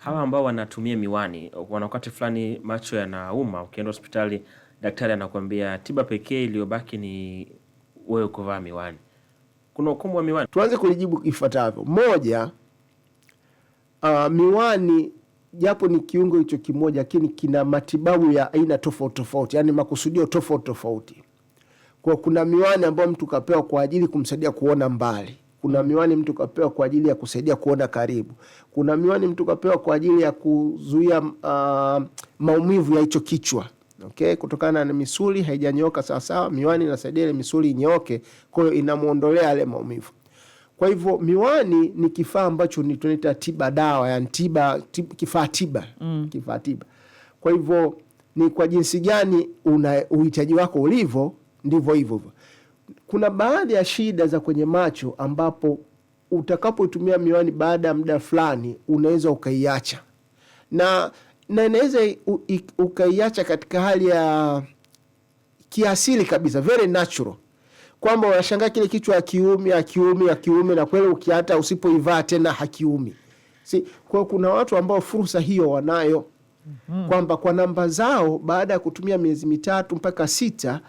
Hawa ambao wanatumia miwani, wana wakati fulani macho yanauma, ukienda hospitali daktari anakuambia tiba pekee iliyobaki ni wewe kuvaa miwani. Kuna ukomo wa miwani? Tuanze kulijibu ifuatavyo. Moja, uh, miwani japo ni kiungo hicho kimoja, lakini kina matibabu ya aina tofauti tofauti, yaani makusudio tofauti tofauti. Kwa kuna miwani ambayo mtu kapewa kwa ajili kumsaidia kuona mbali kuna miwani mtu kapewa kwa ajili ya kusaidia kuona karibu. Kuna miwani mtu kapewa kwa ajili ya kuzuia uh, maumivu ya hicho kichwa. Okay, kutokana na misuli haijanyoka sawasawa, miwani inasaidia ile misuli inyooke, kwa hiyo inamwondolea yale maumivu. Kwa hivyo miwani ni kifaa ambacho ni tunaita tiba dawa, yani tiba, tiba, kifaa tiba mm. kifaa tiba. Kwa hivyo ni kwa jinsi gani una uhitaji wako ulivyo ndivyo hivyo hivyo kuna baadhi ya shida za kwenye macho ambapo utakapotumia miwani baada ya muda fulani unaweza ukaiacha, na na inaweza ukaiacha katika hali ya kiasili kabisa, very natural, kwamba unashangaa kile kichwa akiumi akiumi akiumi na kweli ukiata usipoivaa tena hakiumi. Si kwa kuna watu ambao fursa hiyo wanayo, mm -hmm. kwamba kwa namba zao baada ya kutumia miezi mitatu mpaka sita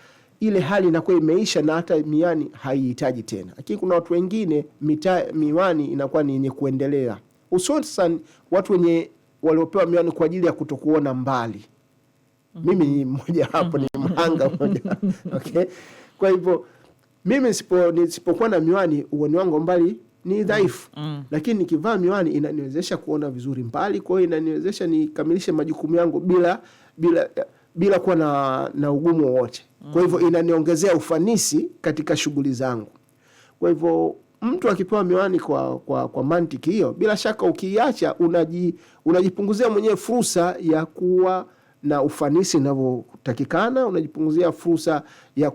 ile hali inakuwa imeisha na hata miani haihitaji tena. Lakini kuna watu wengine mita, miwani inakuwa ni yenye kuendelea, hususan watu wenye waliopewa miwani kwa ajili ya kutokuona mbali. Mhm. Mimi ni Mimi mmoja hapo ni mhanga mmoja okay. Kwa hivyo mimi nisipokuwa na miwani uoni wangu mbali ni mm. dhaifu mm, mm. Lakini nikivaa miwani inaniwezesha kuona vizuri mbali, kwa hiyo inaniwezesha nikamilishe majukumu yangu bila bila bila kuwa na, na ugumu wowote. Kwa hivyo inaniongezea ufanisi katika shughuli zangu. Kwa hivyo mtu akipewa miwani kwa, kwa, kwa mantiki hiyo, bila shaka ukiiacha unaji, unajipunguzia mwenyewe fursa ya kuwa na ufanisi inavyotakikana, unajipunguzia fursa ya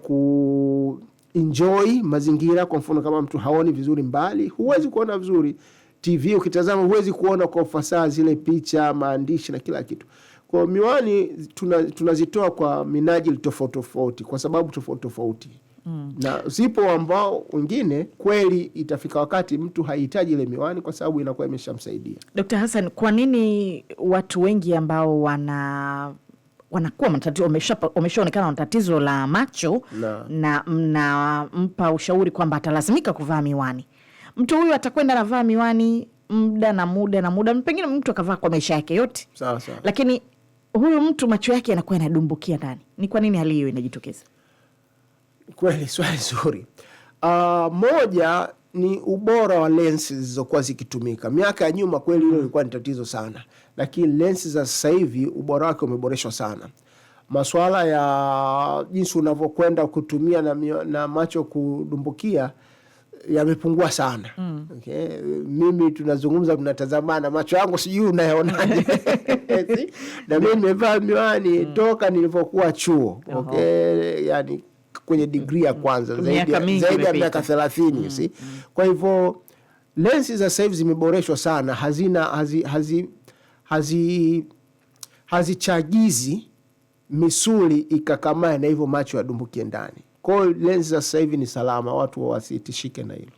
enjoy mazingira. Kwa mfano kama mtu haoni vizuri mbali, huwezi kuona vizuri TV ukitazama, huwezi kuona kwa ufasaha zile picha, maandishi na kila kitu. Kwa miwani tunazitoa tuna kwa minajili tofauti tofauti, kwa sababu tofauti tofauti mm. na zipo ambao wengine kweli itafika wakati mtu haihitaji ile miwani kwa sababu inakuwa imeshamsaidia. d Hassan, kwa nini watu wengi ambao wana wanakuwa wameshaonekana na tatizo la macho na mnampa ushauri kwamba atalazimika kuvaa miwani, mtu huyu atakwenda anavaa miwani muda na muda na muda, pengine mtu akavaa kwa maisha yake yote sawa sawa, lakini huyu mtu macho yake yanakuwa yanadumbukia ndani. Ni kwa nini hali hiyo inajitokeza? Kweli swali zuri. Uh, ah, moja ni ubora wa lensi zilizokuwa zikitumika miaka ya nyuma. Kweli hilo lilikuwa ni tatizo sana, lakini lensi za sasa hivi ubora wake umeboreshwa sana. maswala ya jinsi unavyokwenda kutumia na, na macho kudumbukia yamepungua sana mm. Okay. Mimi tunazungumza tunatazamana, macho yangu sijui unayaonaje? eti na mimi nimevaa miwani mm. toka nilivyokuwa chuo uh -huh. okay, yani kwenye digri ya kwanza zaidi ya miaka thelathini mm, si mm. kwa hivyo lensi za sahivi zimeboreshwa sana, hazina hazi, hazi, hazi, hazichagizi misuli ikakamae na hivyo macho yadumbukie ndani. Kwa hiyo lensi za sasa ni salama, watu wasitishike na hilo.